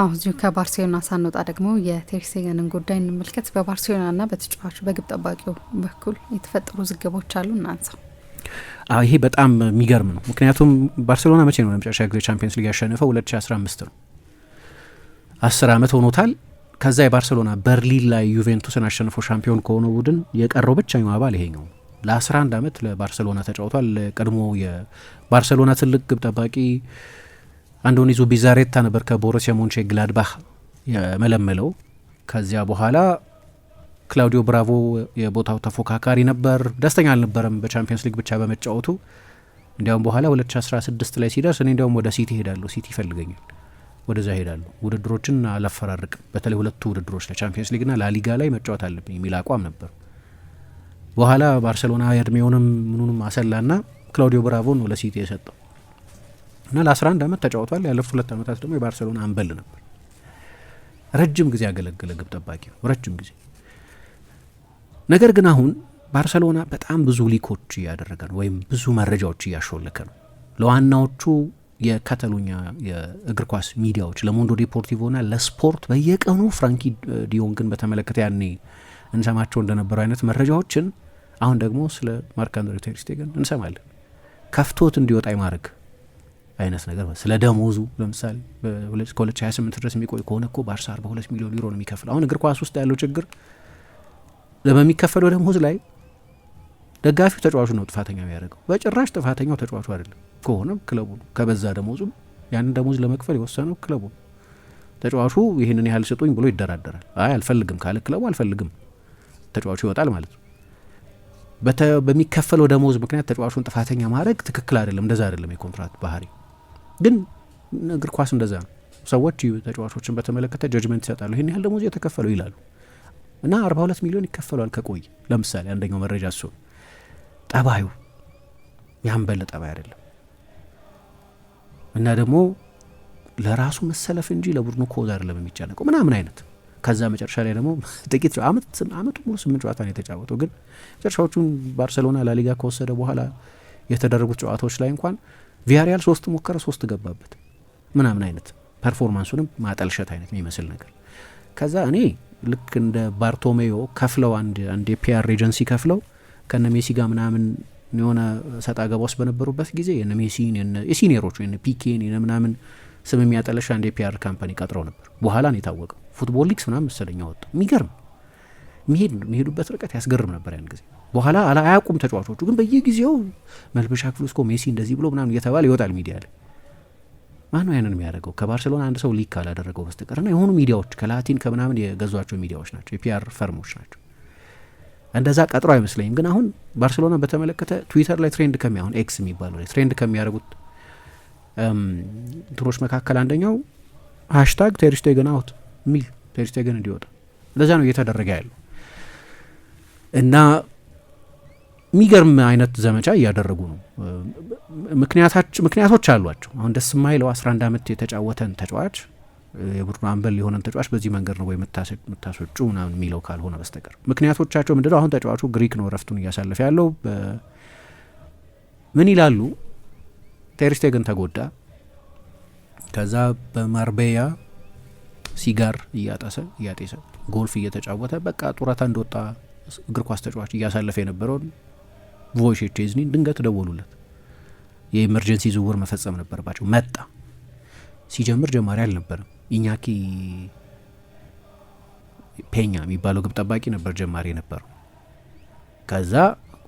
አሁ እዚሁ ከባርሴሎና ሳንወጣ ደግሞ የቴርሴገንን ጉዳይ እንመልከት። ና በተጫዋቹ በግብ ጠባቂው በኩል የተፈጠሩ ዝግቦች አሉ፣ እናንሳው። ይሄ በጣም የሚገርም ነው። ምክንያቱም ባርሴሎና መቼ ነው ለመጨረሻ ጊዜ ቻምፒየንስ ሊግ ያሸነፈው? 2015 ነው። አስር ዓመት ሆኖታል። ከዛ የባርሴሎና በርሊን ላይ ዩቬንቱስን አሸንፎ ሻምፒዮን ከሆነ ቡድን የቀረው ብቸኛው አባል ይሄኛው ለ11 ዓመት ለባርሴሎና ተጫውቷል። ቀድሞ የባርሴሎና ትልቅ ግብ ጠባቂ አንዶኒዞ ቢዛሬታ ነበር ከቦሮሲያ ሞንቼ ግላድባህ የመለመለው። ከዚያ በኋላ ክላውዲዮ ብራቮ የቦታው ተፎካካሪ ነበር። ደስተኛ አልነበረም በቻምፒየንስ ሊግ ብቻ በመጫወቱ። እንዲያውም በኋላ 2016 ላይ ሲደርስ እኔ እንዲያውም ወደ ሲቲ ሄዳለሁ፣ ሲቲ ይፈልገኛል፣ ወደዚያ ሄዳለሁ፣ ውድድሮችን አላፈራርቅም፣ በተለይ ሁለቱ ውድድሮች ለቻምፒየንስ ሊግና ላሊጋ ላይ መጫወት አለብኝ የሚል አቋም ነበር። በኋላ ባርሴሎና የእድሜውንም ምኑንም አሰላና ክላውዲዮ ብራቮን ወደ ሲቲ የሰጠው። እና ለ11 ዓመት ተጫውቷል። ያለፉት ሁለት ዓመታት ደግሞ የባርሴሎና አምበል ነበር። ረጅም ጊዜ ያገለገለ ግብ ጠባቂ ነው፣ ረጅም ጊዜ። ነገር ግን አሁን ባርሰሎና በጣም ብዙ ሊኮች እያደረገ ነው፣ ወይም ብዙ መረጃዎች እያሾለከ ነው። ለዋናዎቹ የካታሎኛ የእግር ኳስ ሚዲያዎች ለሞንዶ ዴፖርቲቮና ለስፖርት በየቀኑ ፍራንኪ ዲዮንግን በተመለከተ ያኔ እንሰማቸው እንደነበሩ አይነት መረጃዎችን አሁን ደግሞ ስለ ማርክ አንድሬ ተር ስቴገን እንሰማለን። ከፍቶት እንዲወጣ ይማድረግ አይነት ነገር ስለ ደሞዙ ለምሳሌ ከ2028 ድረስ የሚቆይ ከሆነ እኮ ባርሳ 42 ሚሊዮን ዩሮ ነው የሚከፍለው። አሁን እግር ኳስ ውስጥ ያለው ችግር በሚከፈለው ደሞዝ ላይ ደጋፊው ተጫዋቹ ነው ጥፋተኛ የሚያደርገው በጭራሽ ጥፋተኛው ተጫዋቹ አይደለም። ከሆነም ክለቡ ነው። ከበዛ ደሞዙ ያንን ደሞዝ ለመክፈል የወሰነው ክለቡ ነው። ተጫዋቹ ይህንን ያህል ስጡኝ ብሎ ይደራደራል። አይ አልፈልግም ካለ ክለቡ አልፈልግም፣ ተጫዋቹ ይወጣል ማለት ነው። በሚከፈለው ደሞዝ ምክንያት ተጫዋቹን ጥፋተኛ ማድረግ ትክክል አይደለም። እንደዛ አይደለም የኮንትራት ባህሪ ግን እግር ኳስ እንደዛ ነው። ሰዎች ተጫዋቾችን በተመለከተ ጀጅመንት ይሰጣሉ። ይህን ያህል ደሞዝ የተከፈለው ይላሉ እና አርባ ሁለት ሚሊዮን ይከፈሏል ከቆይ ለምሳሌ አንደኛው መረጃ እሱ ጠባዩ በለ ጠባይ አይደለም እና ደግሞ ለራሱ መሰለፍ እንጂ ለቡድኑ ኮዝ አይደለም የሚጨነቀው ምናምን አይነት ከዛ መጨረሻ ላይ ደግሞ ጥቂት አመቱ ሙሉ ስምንት ጨዋታ ነው የተጫወተው። ግን መጨረሻዎቹን ባርሴሎና ላሊጋ ከወሰደ በኋላ የተደረጉት ጨዋታዎች ላይ እንኳን ቪያሪያል ሶስት ሞከረ፣ ሶስት ገባበት ምናምን አይነት ፐርፎርማንሱንም ማጠልሸት አይነት የሚመስል ነገር ከዛ እኔ ልክ እንደ ባርቶሜዮ ከፍለው አንድ አንድ የፒአር ኤጀንሲ ከፍለው ከነ ሜሲ ጋር ምናምን የሆነ ሰጣ ገባ ውስጥ በነበሩበት ጊዜ የነ ሜሲን የሲኒየሮቹ ወይ ፒኬን የነ ምናምን ስም የሚያጠለሽ አንድ የፒአር ካምፓኒ ቀጥረው ነበር። በኋላ ነው የታወቀው። ፉትቦል ሊክስ ምናምን መሰለኛ ወጡ። የሚገርም መሄድ የሚሄዱበት ርቀት ያስገርም ነበር ያን ጊዜ በኋላ አያውቁም ተጫዋቾቹ። ግን በየጊዜው መልበሻ ክፍል ውስጥ ሜሲ እንደዚህ ብሎ ምናምን እየተባለ ይወጣል ሚዲያ ላይ። ማን ነው ያንን የሚያደርገው? ከባርሴሎና አንድ ሰው ሊክ ካላደረገው በስተቀር ና የሆኑ ሚዲያዎች ከላቲን ከምናምን የገዟቸው ሚዲያዎች ናቸው፣ የፒአር ፈርሞች ናቸው። እንደዛ ቀጥሮ አይመስለኝም። ግን አሁን ባርሴሎና በተመለከተ ትዊተር ላይ ትሬንድ ከሚያሁን ኤክስ የሚባለው ላይ ትሬንድ ከሚያደርጉት እንትኖች መካከል አንደኛው ሀሽታግ ቴሪስቴገን አውት የሚል ቴሪስቴገን እንዲወጣ እንደዚያ ነው እየተደረገ ያለው እና የሚገርም አይነት ዘመቻ እያደረጉ ነው። ምክንያቶች አሏቸው። አሁን ደስ የማይለው 11 ዓመት የተጫወተን ተጫዋች የቡድኑ አንበል የሆነን ተጫዋች በዚህ መንገድ ነው ወይ የምታስወጩ ምናምን የሚለው ካልሆነ በስተቀር ምክንያቶቻቸው ምንድነው? አሁን ተጫዋቹ ግሪክ ነው እረፍቱን እያሳለፈ ያለው። ምን ይላሉ? ቴርስቴገን ተጎዳ። ከዛ በማርቤያ ሲጋር እያጠሰ እያጤሰ ጎልፍ እየተጫወተ በቃ ጡረታ እንደወጣ እግር ኳስ ተጫዋች እያሳለፈ የነበረውን ቮይሼ ቼዝኒ ድንገት ደወሉለት። የኢመርጀንሲ ዝውውር መፈጸም ነበርባቸው መጣ። ሲጀምር ጀማሪ አልነበረም። ኢኛኪ ፔኛ የሚባለው ግብ ጠባቂ ነበር ጀማሪ ነበረው። ከዛ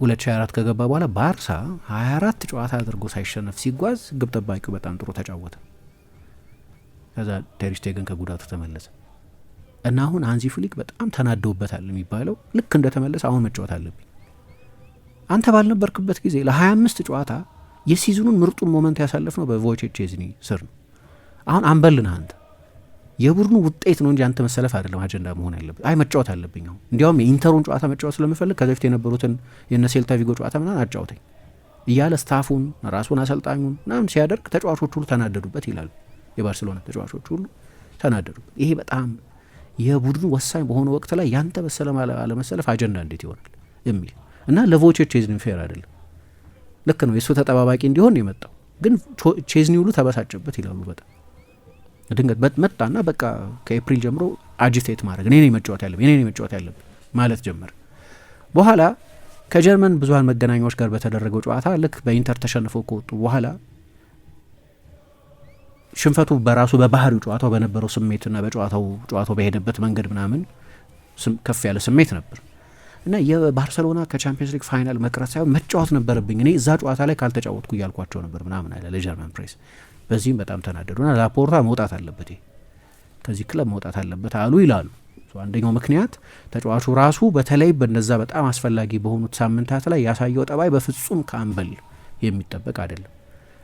2024 ከገባ በኋላ ባርሳ 24 ጨዋታ አድርጎ ሳይሸነፍ ሲጓዝ ግብ ጠባቂው በጣም ጥሩ ተጫወተ። ከዛ ቴሪስቴገን ከጉዳቱ ተመለሰ እና አሁን አንዚ ፍሊክ በጣም ተናደውበታል የሚባለው ልክ እንደተመለሰ አሁን መጫወት አለብኝ አንተ ባልነበርክበት ጊዜ ለ25 ጨዋታ የሲዝኑን ምርጡን ሞመንት ያሳለፍ ነው በቮቼክ ሼዝኒ ስር ነው። አሁን አንበልንህ አንተ የቡድኑ ውጤት ነው እንጂ አንተ መሰለፍ አይደለም አጀንዳ መሆን ያለበት። አይ መጫወት አለብኝ አሁን እንዲያውም የኢንተሩን ጨዋታ መጫወት ስለምፈልግ ከዚ በፊት የነበሩትን የነ ሴልታ ቪጎ ጨዋታ ምናን አጫውተኝ እያለ ስታፉን ራሱን አሰልጣኙን ምናምን ሲያደርግ ተጫዋቾች ሁሉ ተናደዱበት ይላሉ። የባርሴሎና ተጫዋቾች ሁሉ ተናደዱበት። ይሄ በጣም የቡድኑ ወሳኝ በሆነ ወቅት ላይ ያንተ መሰለም አለመሰለፍ አጀንዳ እንዴት ይሆናል የሚል እና ለቮቼ ቼዝኒ ፌር አይደለም። ልክ ነው የእሱ ተጠባባቂ እንዲሆን የመጣው ግን ቼዝኒ ሁሉ ተበሳጭበት ይላሉ። በጣም ድንገት መጣና በቃ ከኤፕሪል ጀምሮ አጅቴት ማድረግ እኔ ነኝ መጫወት ያለብኝ እኔ ነኝ መጫወት ያለብኝ ማለት ጀመረ። በኋላ ከጀርመን ብዙሀን መገናኛዎች ጋር በተደረገው ጨዋታ ልክ በኢንተር ተሸንፈው ከወጡ በኋላ ሽንፈቱ በራሱ በባህሪው ጨዋታው በነበረው ስሜትና በጨዋታው ጨዋታው በሄደበት መንገድ ምናምን ከፍ ያለ ስሜት ነበር። እና የባርሰሎና ከቻምፒየንስ ሊግ ፋይናል መቅረት ሳይሆን መጫወት ነበረብኝ እኔ እዛ ጨዋታ ላይ ካልተጫወትኩ እያልኳቸው ነበር ምናምን አለ ለጀርመን ፕሬስ። በዚህም በጣም ና ላፖርታ መውጣት አለበት፣ ከዚህ ክለብ መውጣት አለበት አሉ ይላሉ። አንደኛው ምክንያት ተጫዋቹ ራሱ በተለይ በነዛ በጣም አስፈላጊ በሆኑት ሳምንታት ላይ ያሳየው ጠባይ በፍጹም ከአምበል የሚጠበቅ አይደለም።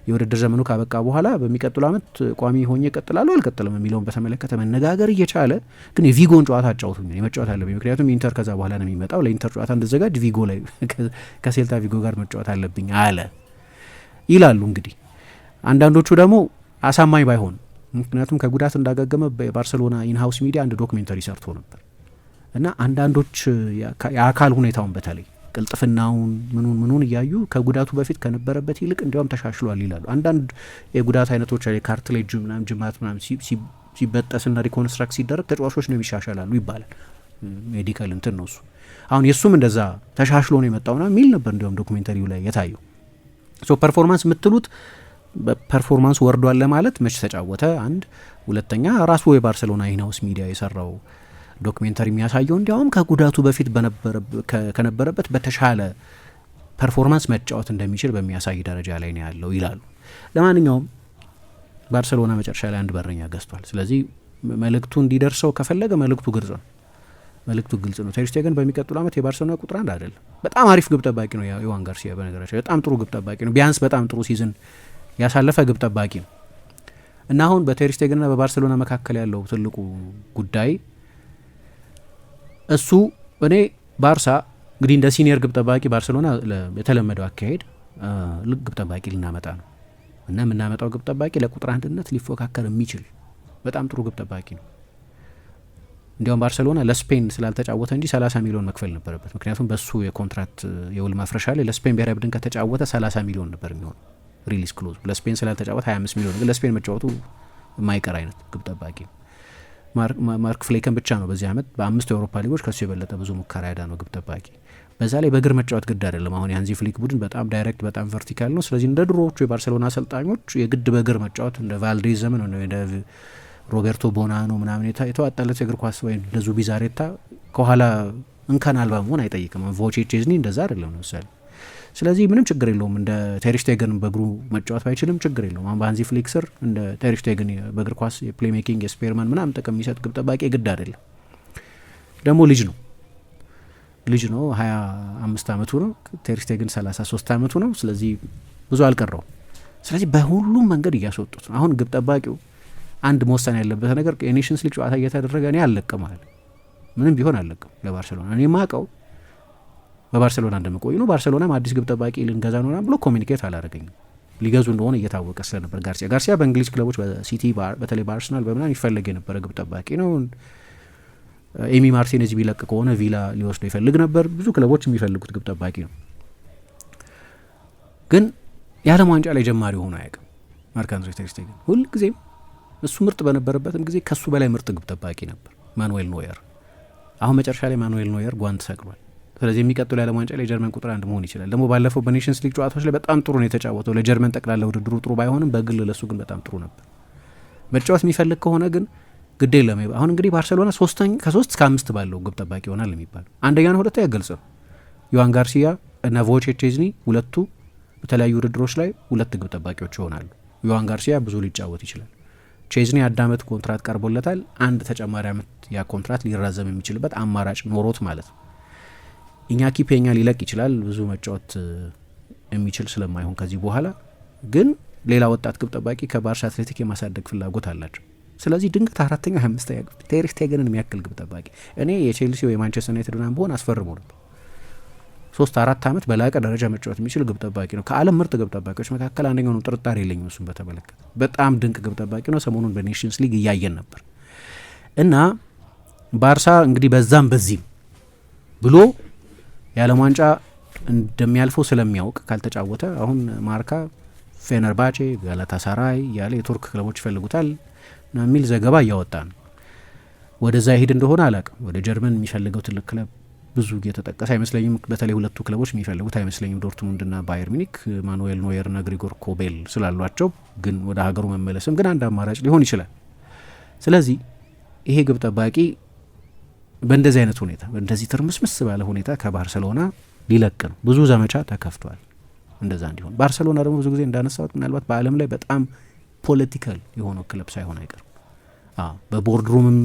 የውድድር ዘመኑ ካበቃ በኋላ በሚቀጥሉ ዓመት ቋሚ ሆኜ እቀጥላለሁ አልቀጥልም የሚለውን በተመለከተ መነጋገር እየቻለ ግን የቪጎን ጨዋታ አጫውቱኝ መጫወት አለብኝ። ምክንያቱም ኢንተር ከዛ በኋላ ነው የሚመጣው። ለኢንተር ጨዋታ እንድዘጋጅ ቪጎ ላይ ከሴልታ ቪጎ ጋር መጫወት አለብኝ አለ ይላሉ። እንግዲህ አንዳንዶቹ ደግሞ አሳማኝ ባይሆን ምክንያቱም ከጉዳት እንዳገገመ የባርሰሎና ኢንሃውስ ሚዲያ አንድ ዶክሜንተሪ ሰርቶ ነበር እና አንዳንዶች የአካል ሁኔታውን በተለይ ቅልጥፍናውን ምኑን ምኑን እያዩ ከጉዳቱ በፊት ከነበረበት ይልቅ እንዲያውም ተሻሽሏል ይላሉ። አንዳንድ የጉዳት አይነቶች የካርትሌጅ ምናም ጅማት ምናም ሲበጠስና ሪኮንስትራክት ሲደረግ ተጫዋቾች ነው ይሻሻላሉ ይባላል። ሜዲካል እንትን ነው እሱ። አሁን የእሱም እንደዛ ተሻሽሎ ነው የመጣውና የሚል ነበር እንዲያውም ዶኩሜንተሪው ላይ የታየው። ሶ ፐርፎርማንስ የምትሉት ፐርፎርማንስ ወርዷል ለማለት መች ተጫወተ? አንድ ሁለተኛ ራሱ የባርሴሎና ኢንሃውስ ሚዲያ የሰራው ዶክሜንተሪ የሚያሳየው እንዲያውም ከጉዳቱ በፊት ከነበረበት በተሻለ ፐርፎርማንስ መጫወት እንደሚችል በሚያሳይ ደረጃ ላይ ነው ያለው ይላሉ። ለማንኛውም ባርሴሎና መጨረሻ ላይ አንድ በረኛ ገዝቷል። ስለዚህ መልእክቱ እንዲደርሰው ከፈለገ መልእክቱ ግልጽ ነው። መልእክቱ ግልጽ ነው። ግን በሚቀጥሉ ዓመት የባርሰሎና ቁጥር አንድ አይደለም። በጣም አሪፍ ግብ ጠባቂ ነው። የዋን ጋርሲያ በነገራቸው በጣም ጥሩ ግብ ጠባቂ ነው። ቢያንስ በጣም ጥሩ ሲዝን ያሳለፈ ግብ ጠባቂ ነው እና አሁን በተርሽቴገንና በባርሴሎና መካከል ያለው ትልቁ ጉዳይ እሱ እኔ ባርሳ እንግዲህ እንደ ሲኒየር ግብ ጠባቂ ባርሴሎና የተለመደው አካሄድ ግብ ጠባቂ ልናመጣ ነው እና የምናመጣው ግብ ጠባቂ ለቁጥር አንድነት ሊፎካከር የሚችል በጣም ጥሩ ግብ ጠባቂ ነው። እንዲያውም ባርሴሎና ለስፔን ስላልተጫወተ እንጂ 30 ሚሊዮን መክፈል ነበረበት። ምክንያቱም በሱ የኮንትራት የውል ማፍረሻ ላይ ለስፔን ብሔራዊ ቡድን ከተጫወተ 30 ሚሊዮን ነበር የሚሆን ሪሊዝ ክሎዝ። ለስፔን ስላልተጫወተ 25 ሚሊዮን፣ ግን ለስፔን መጫወቱ የማይቀር አይነት ግብ ጠባቂ ነው። ማርክ ፍሌከን ብቻ ነው በዚህ ዓመት በአምስት የአውሮፓ ሊጎች ከሱ የበለጠ ብዙ ሙከራ ያዳ ነው ግብ ጠባቂ። በዛ ላይ በእግር መጫወት ግድ አይደለም። አሁን የሀንዚ ፍሊክ ቡድን በጣም ዳይሬክት፣ በጣም ቨርቲካል ነው። ስለዚህ እንደ ድሮዎቹ የባርሴሎና አሰልጣኞች የግድ በእግር መጫወት እንደ ቫልዴ ዘመን ነው እንደ ሮቤርቶ ቦናኖ ምናምን የተዋጣለት የእግር ኳስ ወይም እንደ ዙቢዛሬታ ከኋላ እንከን አልባ መሆን አይጠይቅም። ቮቼ ቼዝኒ እንደዛ አይደለም ለምሳሌ ስለዚህ ምንም ችግር የለውም። እንደ ቴሪሽቴገን በእግሩ መጫወት ባይችልም ችግር የለውም። አሁን በሀንዚ ፍሊክ ስር እንደ ቴሪሽቴገን በእግር ኳስ የፕሌሜኪንግ የስፔርመን ምናምን ጥቅም የሚሰጥ ግብ ጠባቂ ግድ አይደለም። ደግሞ ልጅ ነው ልጅ ነው። ሀያ አምስት አመቱ ነው። ቴሪስቴግን ሰላሳ ሶስት አመቱ ነው። ስለዚህ ብዙ አልቀረው። ስለዚህ በሁሉም መንገድ እያስወጡት ነው። አሁን ግብ ጠባቂው አንድ መወሰን ያለበት ነገር የኔሽንስ ሊግ ጨዋታ እየተደረገ እኔ አልለቅም አለ። ምንም ቢሆን አልለቅም ለባርሴሎና እኔ ማቀው በባርሴሎና እንደምቆዩ ነው። ባርሴሎናም አዲስ ግብ ጠባቂ ልንገዛ ነው ብሎ ኮሚኒኬት አላደረገኝም። ሊገዙ እንደሆነ እየታወቀ ስለነበር ጋርሲያ ጋርሲያ በእንግሊዝ ክለቦች በሲቲ በተለይ በአርሰናል በምናምን ይፈለግ የነበረ ግብ ጠባቂ ነው። ኤሚ ማርቲኔዝ ቢለቅ ከሆነ ቪላ ሊወስደው ይፈልግ ነበር። ብዙ ክለቦች የሚፈልጉት ግብ ጠባቂ ነው። ግን የዓለም ዋንጫ ላይ ጀማሪ ሆኖ አያውቅም። ማርክ አንድሬ ተር ስቴገን ሁልጊዜም እሱ ምርጥ በነበረበትም ጊዜ ከሱ በላይ ምርጥ ግብ ጠባቂ ነበር ማኑዌል ኖየር። አሁን መጨረሻ ላይ ማኑዌል ኖየር ጓንት ሰቅሏል። ስለዚህ የሚቀጥለው የዓለም ዋንጫ ላይ የጀርመን ቁጥር አንድ መሆን ይችላል። ደግሞ ባለፈው በኔሽንስ ሊግ ጨዋታዎች ላይ በጣም ጥሩ ነው የተጫወተው። ለጀርመን ጠቅላላ ውድድሩ ጥሩ ባይሆንም በግል ለሱ ግን በጣም ጥሩ ነበር። መጫወት የሚፈልግ ከሆነ ግን ግድ የለም። አሁን እንግዲህ ባርሴሎና ከሶስት እስከ አምስት ባለው ግብ ጠባቂ ይሆናል የሚባለው አንደኛና ሁለተኛ ግልጽ ነው። ዮሃን ጋርሲያ እና ቮቼ ቼዝኒ ሁለቱ በተለያዩ ውድድሮች ላይ ሁለት ግብ ጠባቂዎች ይሆናሉ። ዮሃን ጋርሲያ ብዙ ሊጫወት ይችላል። ቼዝኒ አንድ አመት ኮንትራት ቀርቦለታል። አንድ ተጨማሪ አመት ያ ኮንትራት ሊራዘም የሚችልበት አማራጭ ኖሮት ማለት ነው። ኢኛኪ ፔኛ ሊለቅ ይችላል ብዙ መጫወት የሚችል ስለማይሆን ከዚህ በኋላ ግን ሌላ ወጣት ግብ ጠባቂ ከባርሻ አትሌቲክ የማሳደግ ፍላጎት አላቸው። ስለዚህ ድንገት አራተኛ አምስተኛ ግብ ቴር ስቴገንን የሚያክል ግብ ጠባቂ እኔ የቼልሲ ወይ ማንቸስተር ዩናይትድ ምናምን ብሆን አስፈርሞ ነበር። ሶስት አራት ዓመት በላቀ ደረጃ መጫወት የሚችል ግብ ጠባቂ ነው። ከዓለም ምርጥ ግብ ጠባቂዎች መካከል አንደኛው ነው። ጥርጣሬ የለኝም እሱን በተመለከተ በጣም ድንቅ ግብ ጠባቂ ነው። ሰሞኑን በኔሽንስ ሊግ እያየን ነበር እና ባርሳ እንግዲህ በዛም በዚህም ብሎ የዓለም ዋንጫ እንደሚያልፈው ስለሚያውቅ ካልተጫወተ አሁን ማርካ ፌነርባቼ፣ ጋላታሳራይ እያለ የቱርክ ክለቦች ይፈልጉታል የሚል ዘገባ እያወጣ ነው። ወደዛ ይሄድ እንደሆነ አላቅም። ወደ ጀርመን የሚፈልገው ትልቅ ክለብ ብዙ እየተጠቀሰ አይመስለኝም። በተለይ ሁለቱ ክለቦች የሚፈልጉት አይመስለኝም። ዶርትሙንድና ባየር ሚኒክ ማኑኤል ኖየርና ግሪጎር ኮቤል ስላሏቸው ግን ወደ ሀገሩ መመለስም ግን አንድ አማራጭ ሊሆን ይችላል። ስለዚህ ይሄ ግብ ጠባቂ በእንደዚህ አይነት ሁኔታ እንደዚህ ትርምስምስ ባለ ሁኔታ ከባርሰሎና ሊለቅ ነው። ብዙ ዘመቻ ተከፍቷል እንደዛ እንዲሆን። ባርሰሎና ደግሞ ብዙ ጊዜ እንዳነሳሁት ምናልባት በዓለም ላይ በጣም ፖለቲካል የሆነው ክለብ ሳይሆን አይቀርም። በቦርድሩምም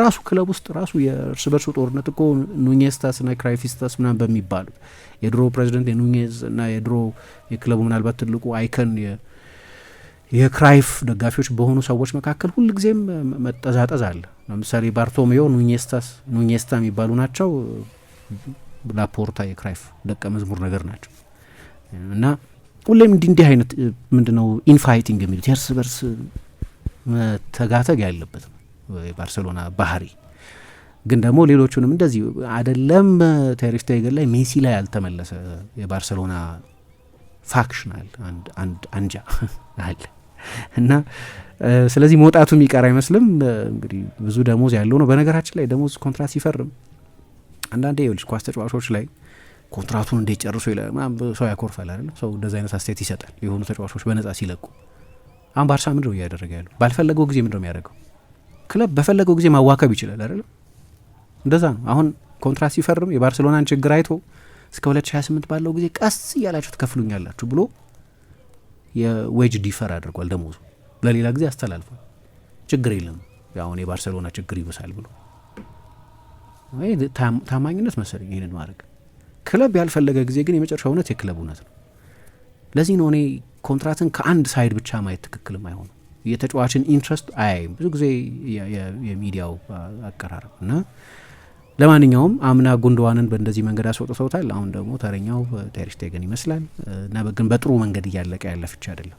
ራሱ ክለብ ውስጥ ራሱ የእርስ በርሱ ጦርነት እኮ ኑኔስታስ ና ክራይፊስታስ ምናምን በሚባሉት የድሮ ፕሬዚደንት የኑኔዝ እና የድሮ የክለቡ ምናልባት ትልቁ አይከን የክራይፍ ደጋፊዎች በሆኑ ሰዎች መካከል ሁልጊዜም መጠዛጠዝ አለ። ለምሳሌ ባርቶሜዮ ኑኔስታ የሚባሉ ናቸው። ላፖርታ የክራይፍ ደቀ መዝሙር ነገር ናቸው እና ሁሌም እንዲህ እንዲህ አይነት ምንድ ነው ኢንፋይቲንግ የሚሉት የእርስ በርስ መተጋተግ ያለበት ነው የባርሴሎና ባህሪ። ግን ደግሞ ሌሎቹንም እንደዚህ አደለም። ቴሪስቴገን ላይ ሜሲ ላይ ያልተመለሰ የባርሴሎና ፋክሽን አለ አንድ አንጃ አለ። እና ስለዚህ መውጣቱ የሚቀር አይመስልም። እንግዲህ ብዙ ደሞዝ ያለው ነው። በነገራችን ላይ ደሞዝ ኮንትራት ሲፈርም አንዳንዴ የልጅ ኳስ ተጫዋቾች ላይ ኮንትራቱን እንዴት ጨርሶ ሰው ያኮርፋል አይደል? ሰው እንደዚ አይነት አስተያየት ይሰጣል። የሆኑ ተጫዋቾች በነጻ ሲለቁ አሁን ባርሳ ምንድን እያደረገ ያለው? ባልፈለገው ጊዜ ምንድን ነው የሚያደርገው? ክለብ በፈለገው ጊዜ ማዋከብ ይችላል አይደለም? እንደዛ ነው። አሁን ኮንትራት ሲፈርም የባርሴሎናን ችግር አይቶ እስከ 2028 ባለው ጊዜ ቀስ እያላችሁ ትከፍሉኛላችሁ ብሎ የዌጅ ዲፈር አድርጓል። ደሞዙ ለሌላ ጊዜ አስተላልፏል። ችግር የለም አሁን የባርሴሎና ችግር ይብሳል ብሎ ታማኝነት መሰለኝ ይህንን ማድረግ። ክለብ ያልፈለገ ጊዜ ግን የመጨረሻ እውነት የክለብ እውነት ነው። ለዚህ ነው እኔ ኮንትራትን ከአንድ ሳይድ ብቻ ማየት ትክክልም አይሆኑ የተጫዋችን ኢንትረስት አያይም ብዙ ጊዜ የሚዲያው አቀራረብ እና ለማንኛውም አምና ጉንድዋንን በእንደዚህ መንገድ አስወጥተውታል። አሁን ደግሞ ተረኛው ቴር ይመስላል እና ግን በጥሩ መንገድ እያለቀ ያለ ፍቻ አይደለም።